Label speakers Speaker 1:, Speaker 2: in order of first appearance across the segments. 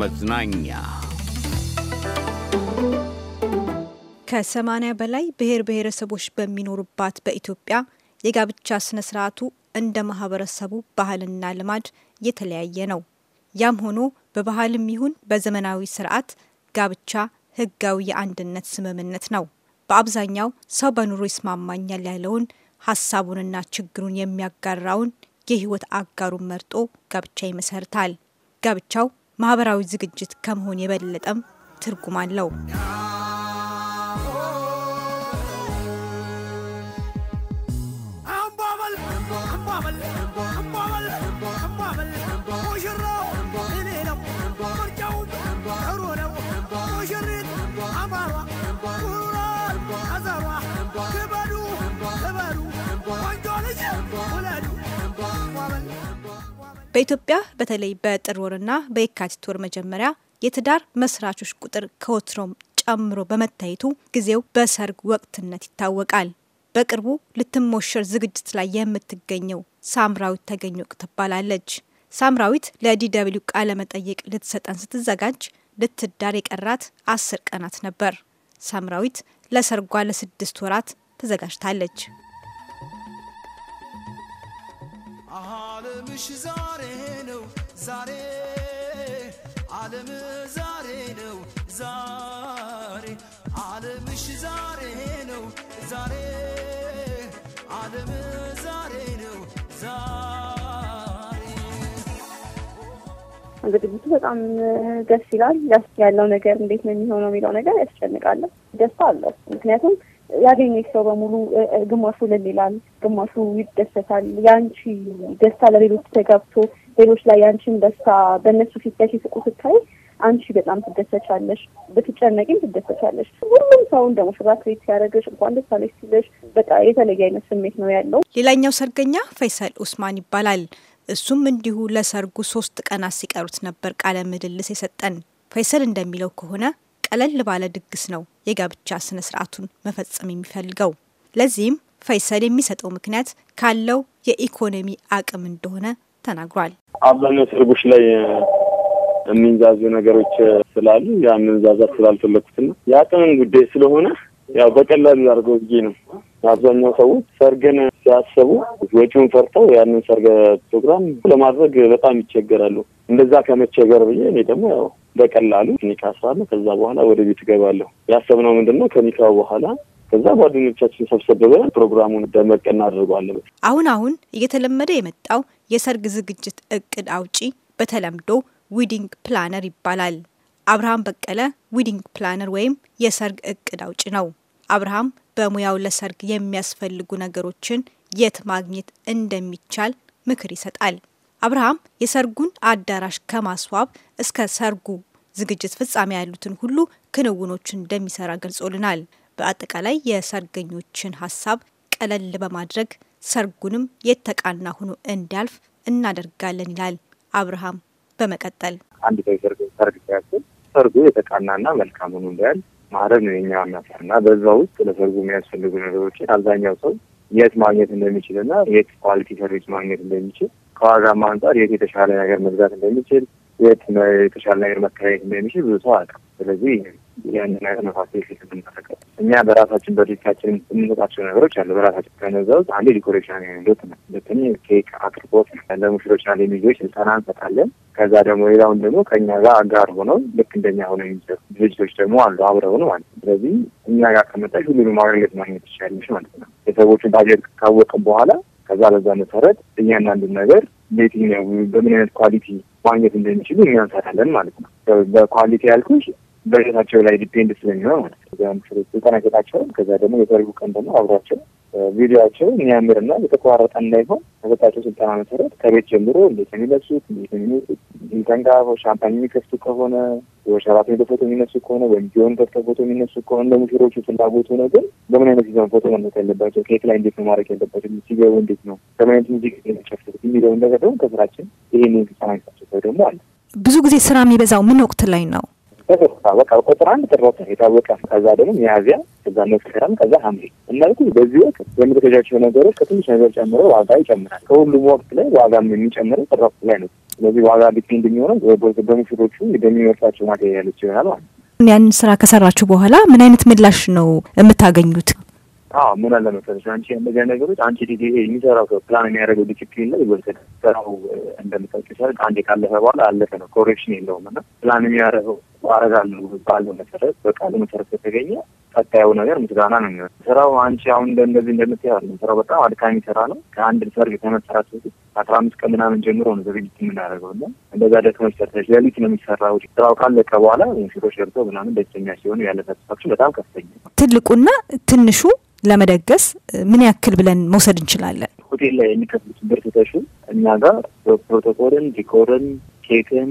Speaker 1: መዝናኛ ከሰማኒያ በላይ ብሔር ብሔረሰቦች በሚኖሩባት በኢትዮጵያ የጋብቻ ስነ ስርዓቱ እንደ ማህበረሰቡ ባህልና ልማድ የተለያየ ነው። ያም ሆኖ በባህልም ይሁን በዘመናዊ ስርዓት ጋብቻ ህጋዊ የአንድነት ስምምነት ነው። በአብዛኛው ሰው በኑሮ ይስማማኛል ያለውን ሀሳቡንና ችግሩን የሚያጋራውን የህይወት አጋሩን መርጦ ጋብቻ ይመሰርታል። ጋብቻው ማህበራዊ ዝግጅት ከመሆን የበለጠም ትርጉም አለው። በኢትዮጵያ በተለይ በጥር ወርና በየካቲት ወር መጀመሪያ የትዳር መስራቾች ቁጥር ከወትሮም ጨምሮ በመታየቱ ጊዜው በሰርግ ወቅትነት ይታወቃል። በቅርቡ ልትሞሸር ዝግጅት ላይ የምትገኘው ሳምራዊት ተገኘቅ ትባላለች። ሳምራዊት ለዲደብሊው ቃለ መጠይቅ ልትሰጠን ስትዘጋጅ ልትዳር የቀራት አስር ቀናት ነበር። ሳምራዊት ለሰርጓ ለስድስት ወራት ተዘጋጅታለች።
Speaker 2: አለምሽ ዛሬ ነው ዛሬ አለም ዛሬ ነው ዛሬ አለምሽ ዛሬ ነው ዛሬ አለም ዛሬ ነው ዛሬ በጣም ደስ ይላል። ያለው ነገር እንዴት ነው የሚሆነው የሚለው ነገር ያስጨንቃለሁ። ደስታ አለው ምክንያቱም ያገኘች ሰው በሙሉ ግማሹ እልል ይላል፣ ግማሹ ይደሰታል። የአንቺ ደስታ ለሌሎች ተጋብቶ ሌሎች ላይ የአንቺን ደስታ በእነሱ ፊት ላይ ሲስቁ ስታይ አንቺ በጣም ትደሰቻለሽ፣ ብትጨነቂም ትደሰቻለሽ። ሁሉም ሰው እንደ ሙሽራ ትሪት ሲያደርግሽ እንኳን ደስ አለሽ ሲልሽ በቃ የተለየ አይነት
Speaker 1: ስሜት ነው ያለው። ሌላኛው ሰርገኛ ፈይሰል ኡስማን ይባላል። እሱም እንዲሁ ለሰርጉ ሶስት ቀናት ሲቀሩት ነበር ቃለ ምልልስ የሰጠን። ፈይሰል እንደሚለው ከሆነ ቀለል ባለ ድግስ ነው የጋብቻ ስነ ስርዓቱን መፈጸም የሚፈልገው። ለዚህም ፈይሰል የሚሰጠው ምክንያት ካለው የኢኮኖሚ አቅም እንደሆነ ተናግሯል።
Speaker 2: አብዛኛው ሰርጎች ላይ የሚንዛዙ ነገሮች ስላሉ ያ መንዛዛት ስላልፈለኩትና የአቅምን ጉዳይ ስለሆነ ያው በቀላሉ አድርገው ብዬ ነው። አብዛኛው ሰዎች ሰርግን ሲያስቡ ወጪውን ፈርተው ያንን ሰርግ ፕሮግራም ለማድረግ በጣም ይቸገራሉ። እንደዛ ከመቸገር ብዬ እኔ ደግሞ ያው በቀላሉ ኒካ ስራለ ከዛ በኋላ ወደ ቤት እገባለሁ። ያሰብነው ምንድን ነው ከኒካው በኋላ ከዛ ጓደኞቻችን ሰብሰብ ብለን ፕሮግራሙን ደመቅ እናደርገዋለን።
Speaker 1: አሁን አሁን እየተለመደ የመጣው የሰርግ ዝግጅት እቅድ አውጪ በተለምዶ ዊዲንግ ፕላነር ይባላል። አብርሃም በቀለ ዊዲንግ ፕላነር ወይም የሰርግ እቅድ አውጪ ነው። አብርሃም በሙያው ለሰርግ የሚያስፈልጉ ነገሮችን የት ማግኘት እንደሚቻል ምክር ይሰጣል። አብርሃም የሰርጉን አዳራሽ ከማስዋብ እስከ ሰርጉ ዝግጅት ፍጻሜ ያሉትን ሁሉ ክንውኖችን እንደሚሰራ ገልጾልናል። በአጠቃላይ የሰርገኞችን ሀሳብ ቀለል በማድረግ ሰርጉንም የተቃና ሁኖ እንዲያልፍ እናደርጋለን ይላል አብርሃም። በመቀጠል
Speaker 2: አንድ ሰው ሰርግ ሰርግ ሲያስብ ሰርጉ የተቃናና መልካም ሆኖ እንዲያል ማድረግ ነው የኛ ዋናታ እና በዛ ውስጥ ለሰርጉ የሚያስፈልጉ ነገሮችን አብዛኛው ሰው የት ማግኘት እንደሚችል እና የት ኳሊቲ ሰርቪስ ማግኘት እንደሚችል ከዋጋም አንጻር የት የተሻለ ነገር መግዛት እንደሚችል የት የተሻለ ነገር መከራየት እንደሚችል ብዙ ሰው አያውቅም። ስለዚህ ያን ነገር ፊት የምናደርገው እኛ በራሳችን በድርጅታችን የምንሰጣቸው ነገሮች አሉ። በራሳችን ከነዛ ውስጥ አንዴ ዲኮሬሽን ሎት ነው፣ ሁለተኛ ኬክ አቅርቦት ለሙሽሮችና ለሚዜዎች ስልጠና እንሰጣለን። ከዛ ደግሞ ሌላውን ደግሞ ከእኛ ጋር አጋር ሆነው ልክ እንደኛ ሆነው የሚሰሩ ድርጅቶች ደግሞ አሉ አብረው ነው ማለት ነው። ስለዚህ እኛ ጋር ከመጣሽ ሁሉንም አገልግሎት ማግኘት ትችላለሽ ማለት ነው። የሰዎቹን ባጀት ካወቅም በኋላ ከዛ ለዛ መሰረት እያንዳንዱን ነገር የትኛው በምን አይነት ኳሊቲ ማግኘት እንደሚችሉ እኛ እንሰራለን ማለት ነው። በኳሊቲ ያልኩሽ በጀታቸው ላይ ዲፔንድ ስለሚሆን ማለት ነው። ስልጠና ጌታቸውን ከዛ ደግሞ የሰርጉ ቀን ደግሞ አብሯቸው ቪዲዮቸው የሚያምርና የተቋረጠ እንዳይሆን በሰጣቸው ስልጠና መሰረት ከቤት ጀምሮ እንዴት የሚለሱት እንዴት የሚወጡት ኢንተንጋ ሻምፓኝ የሚከፍቱ ከሆነ ወሸራት የሸራተኝ ፎቶ የሚነሱ ከሆነ ወይም ቢሆን ከፍተ ፎቶ የሚነሱ ከሆነ እንደ ሙሽሮቹ ፍላጎቱ ነው። ግን በምን አይነት ጊዜ ፎቶ መነት ያለባቸው ኬክ ላይ እንዴት ነው ማድረግ ያለባቸው ሲገቡ እንዴት ነው በምን አይነት ሙዚቃ የሚጨፍሩት የሚለውን ነገር ከስራችን ይሄን ስልጠና ይሳቸው ደግሞ አለ።
Speaker 1: ብዙ ጊዜ ስራ የሚበዛው ምን ወቅት ላይ ነው?
Speaker 2: በተስፋ በቃ ቁጥር አንድ ጥሮት የታወቀ ከዛ ደግሞ ሚያዝያ ከዛ መስከረም ከዛ ሐምሌ እናልኩ በዚህ ወቅት የምትገዣቸው ነገሮች ከትንሽ ነገር ጨምሮ ዋጋ ይጨምራል። ከሁሉም ወቅት ላይ ዋጋም የሚጨምረው ጥሮት ላይ ነው። ስለዚህ ዋጋ ዲፔንድ የሚሆነው በሙሽሮቹ በሚመርጧቸው ማቴሪያሎች ይሆናል ማለት ነው።
Speaker 1: ያንን ስራ ከሰራችሁ በኋላ ምን አይነት ምላሽ ነው የምታገኙት?
Speaker 2: አዎ ምን አለ መሰለሽ አንቺ እንደዚህ ነገሮች አንቺ ዲ የሚሰራው ሰው ፕላን የሚያደርገው ዲስፕሊን ላይ ይወሰድ ስራው እንደምታውቂው አንዴ ካለፈ በኋላ አለፈ ነው፣ ኮሬክሽን የለውም እና ፕላን የሚያደርገው አረጋለሁ ባለው መሰረት በቃሉ መሰረት ከተገኘ ቀጣዩ ነገር ምስጋና ነው የሚሆነው። ስራው አንቺ አሁን እንደዚህ እንደምትይ ስራው በጣም አድካሚ ስራ ነው። ከአንድ ሰርግ ከመሰራት በፊት አስራ አምስት ቀን ምናምን ጀምሮ ነው ዝግጅት የምናደርገው እና እንደዛ ደክመሽ ሰርተሽ ሌሊት ነው የሚሰራው። ስራው ካለቀ በኋላ ሙሽሮች ገብተው ምናምን ደስተኛ ሲሆኑ ያለ ሳቲስፋክሽን በጣም ከፍተኛ
Speaker 1: ነው። ትልቁና ትንሹ ለመደገስ ምን ያክል ብለን መውሰድ እንችላለን?
Speaker 2: ሆቴል ላይ የሚከፍሉት ብር ትተሹ እኛ ጋር ፕሮቶኮልን ዲኮርን ኬክን፣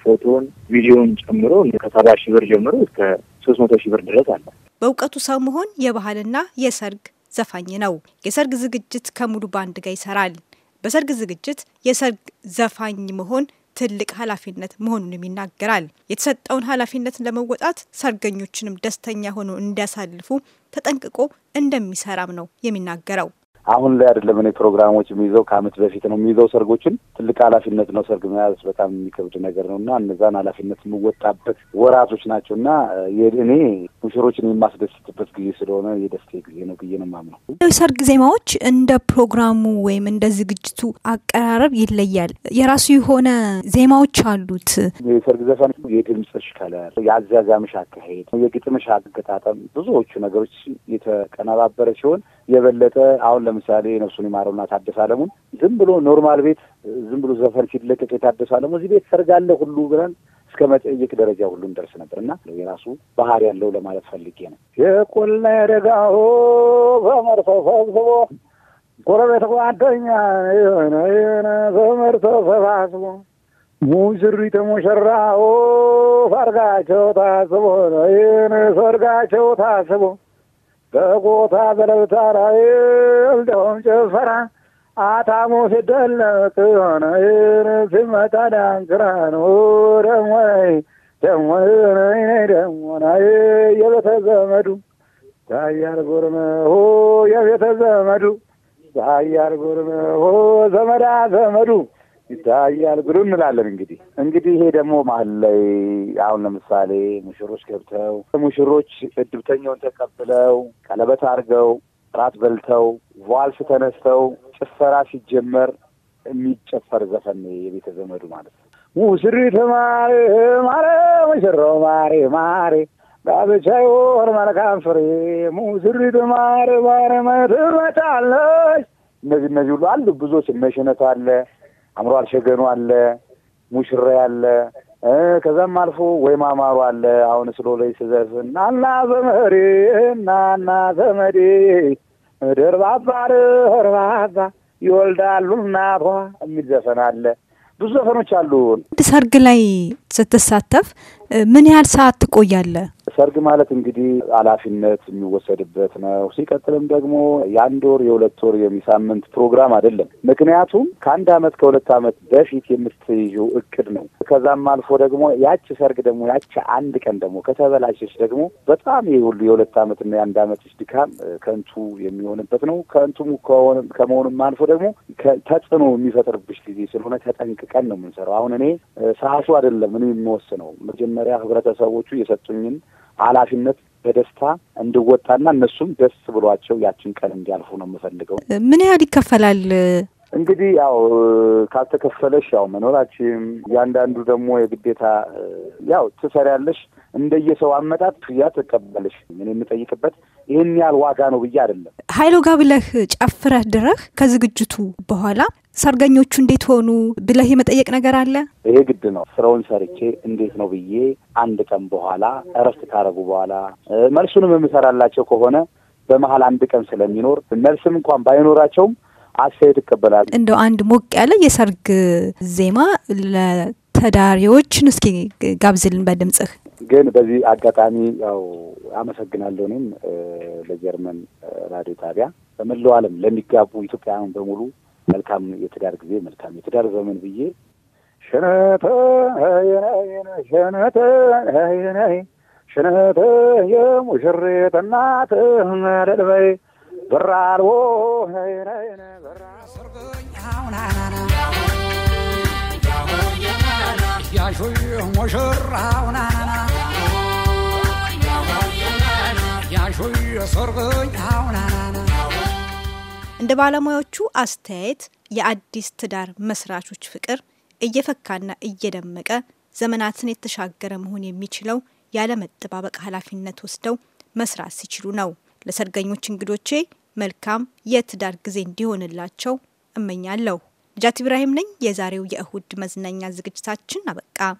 Speaker 2: ፎቶን፣ ቪዲዮን ጨምሮ ከሰባ ሺህ ብር ጀምሮ እስከ ሶስት መቶ ሺህ ብር ድረስ አለ።
Speaker 1: በእውቀቱ ሰው መሆን የባህልና የሰርግ ዘፋኝ ነው። የሰርግ ዝግጅት ከሙሉ ባንድ ጋር ይሰራል። በሰርግ ዝግጅት የሰርግ ዘፋኝ መሆን ትልቅ ኃላፊነት መሆኑንም ይናገራል። የተሰጠውን ኃላፊነት ለመወጣት ሰርገኞችንም ደስተኛ ሆኖ እንዲያሳልፉ ተጠንቅቆ እንደሚሰራም ነው የሚናገረው።
Speaker 2: አሁን ላይ አይደለም እኔ ፕሮግራሞች የሚይዘው ከአመት በፊት ነው የሚይዘው ሰርጎችን። ትልቅ ኃላፊነት ነው ሰርግ መያዝ በጣም የሚከብድ ነገር ነው እና እነዛን ኃላፊነት የምወጣበት ወራቶች ናቸው እና እኔ ሙሽሮችን የማስደስትበት ጊዜ ስለሆነ የደስታ ጊዜ ነው ብዬ ነው የማምነው።
Speaker 1: ሰርግ ዜማዎች እንደ ፕሮግራሙ ወይም እንደ ዝግጅቱ አቀራረብ ይለያል። የራሱ የሆነ ዜማዎች አሉት።
Speaker 2: የሰርግ ዘፈን የድምፅሽ ከለር፣ የአዛዛምሽ አካሄድ፣ የግጥምሽ አገጣጠም ብዙዎቹ ነገሮች የተቀነባበረ ሲሆን የበለጠ አሁን ለምሳሌ ነፍሱን ይማረውና ታደሰ አለሙን ዝም ብሎ ኖርማል ቤት ዝም ብሎ ዘፈን ሲለቀቅ የታደሰ አለሙ እዚህ ቤት ሰርጋለ ሁሉ ብለን እስከ መጠየቅ ደረጃ ሁሉ እንደርስ ነበር እና የራሱ ባህር ያለው ለማለት ፈልጌ ነው። የቁልና የደጋሁ በመርቶ ሰብስቦ ጎረቤት ጓደኛ የሆነ የሆነ በመርቶ ሰባስቦ ሙሽሪት ሙሽራው ሰርጋቸው ታስቦ የሆነ ሰርጋቸው ታስቦ በለብታ በለብታራይ እልደውም ጭፈራ አታሞ ሲደለቅ ሆነይን ሲመጣ ዳንክራን ደሞይ ደሞይነ ደሞናይ የቤተ ዘመዱ ዛያር ጎርመሆ የቤተ ዘመዱ ዛያር ጎርመሆ ዘመዳ ዘመዱ ይታያል ብሎ እንላለን። እንግዲህ እንግዲህ ይሄ ደግሞ መሀል ላይ አሁን ለምሳሌ ሙሽሮች ገብተው ሙሽሮች እድብተኛውን ተቀብለው ቀለበት አድርገው ራት በልተው ቫልስ ተነስተው ጭፈራ ሲጀመር የሚጨፈር ዘፈን የቤተ ዘመዱ ማለት ነው። ሙሽሪት ማሪ ማሪ ሙሽሮ ማሪ ማሪ ጋብቻ ወር መልካም ፍሬ ሙሽሪት ማሪ ማሪ መትመጣለች። እነዚህ እነዚህ ሁሉ አሉ ብዙዎች። መሽነት አለ አምሮ አልሸገኑ አለ፣ ሙሽራ አለ፣ ከዛም አልፎ ወይ ማማሩ አለ። አሁን ስሎ ላይ ስዘፍን ናና ዘመዴ እናና ዘመዴ ደርባባ ደርባባ ይወልዳሉ እናቷ የሚል ዘፈን አለ። ብዙ ዘፈኖች
Speaker 1: አሉን። ሰርግ ላይ ስትሳተፍ ምን ያህል ሰዓት ትቆያለ?
Speaker 2: ሰርግ ማለት እንግዲህ ኃላፊነት የሚወሰድበት ነው። ሲቀጥልም ደግሞ የአንድ ወር የሁለት ወር የሚሳምንት ፕሮግራም አይደለም። ምክንያቱም ከአንድ አመት ከሁለት አመት በፊት የምትይዘው እቅድ ነው። ከዛም አልፎ ደግሞ ያቺ ሰርግ ደግሞ ያቺ አንድ ቀን ደግሞ ከተበላሸች ደግሞ በጣም ይህ ሁሉ የሁለት ዓመትና የአንድ ዓመትሽ ድካም ከንቱ የሚሆንበት ነው። ከንቱም ከመሆኑም አልፎ ደግሞ ተጽዕኖ የሚፈጥርብሽ ጊዜ ስለሆነ ተጠንቅቀን ነው የምንሰራው። አሁን እኔ ሰዓቱ አይደለም እኔ የምወስነው መጀመሪያ ህብረተሰቦቹ የሰጡኝን ኃላፊነት በደስታ እንድወጣና እነሱም ደስ ብሏቸው ያችን ቀን እንዲያልፉ ነው የምፈልገው።
Speaker 1: ምን ያህል ይከፈላል?
Speaker 2: እንግዲህ ያው ካልተከፈለሽ ያው መኖራችም እያንዳንዱ ደግሞ የግዴታ ያው ትሰሪያለሽ። እንደየሰው አመጣት ክፍያ ትቀበለሽ። ምን የምጠይቅበት ይህን ያህል ዋጋ ነው ብዬ አይደለም።
Speaker 1: ሀይሎ ጋብለህ ጨፍረህ ድረህ ከዝግጅቱ በኋላ ሰርገኞቹ እንዴት ሆኑ ብለህ የመጠየቅ ነገር አለ።
Speaker 2: ይሄ ግድ ነው። ስራውን ሰርቼ እንዴት ነው ብዬ አንድ ቀን በኋላ እረፍት ካረጉ በኋላ መልሱንም የምሰራላቸው ከሆነ በመሀል አንድ ቀን ስለሚኖር መልስም እንኳን ባይኖራቸውም አስተያየት ይቀበላል። እንደው
Speaker 1: አንድ ሞቅ ያለ የሰርግ ዜማ ለተዳሪዎችን እስኪ ጋብዝልን በድምጽህ።
Speaker 2: ግን በዚህ አጋጣሚ ያው አመሰግናለሁ። እኔም ለጀርመን ራዲዮ ጣቢያ በመላው ዓለም ለሚጋቡ ኢትዮጵያውያን በሙሉ መልካም የትዳር ጊዜ መልካም የትዳር ዘመን ብዬ ሸነተ ሸነተ ሸነተ የሙሽሬት እናት መደልበይ ብራልቦ ሙሽራውናና
Speaker 1: እንደ ባለሙያዎቹ አስተያየት የአዲስ ትዳር መስራቾች ፍቅር እየፈካና እየደመቀ ዘመናትን የተሻገረ መሆን የሚችለው ያለመጠባበቅ ኃላፊነት ወስደው መስራት ሲችሉ ነው። ለሰርገኞች እንግዶቼ መልካም የትዳር ጊዜ እንዲሆንላቸው እመኛለሁ። ልጃት ኢብራሂም ነኝ። የዛሬው የእሁድ መዝናኛ ዝግጅታችን አበቃ።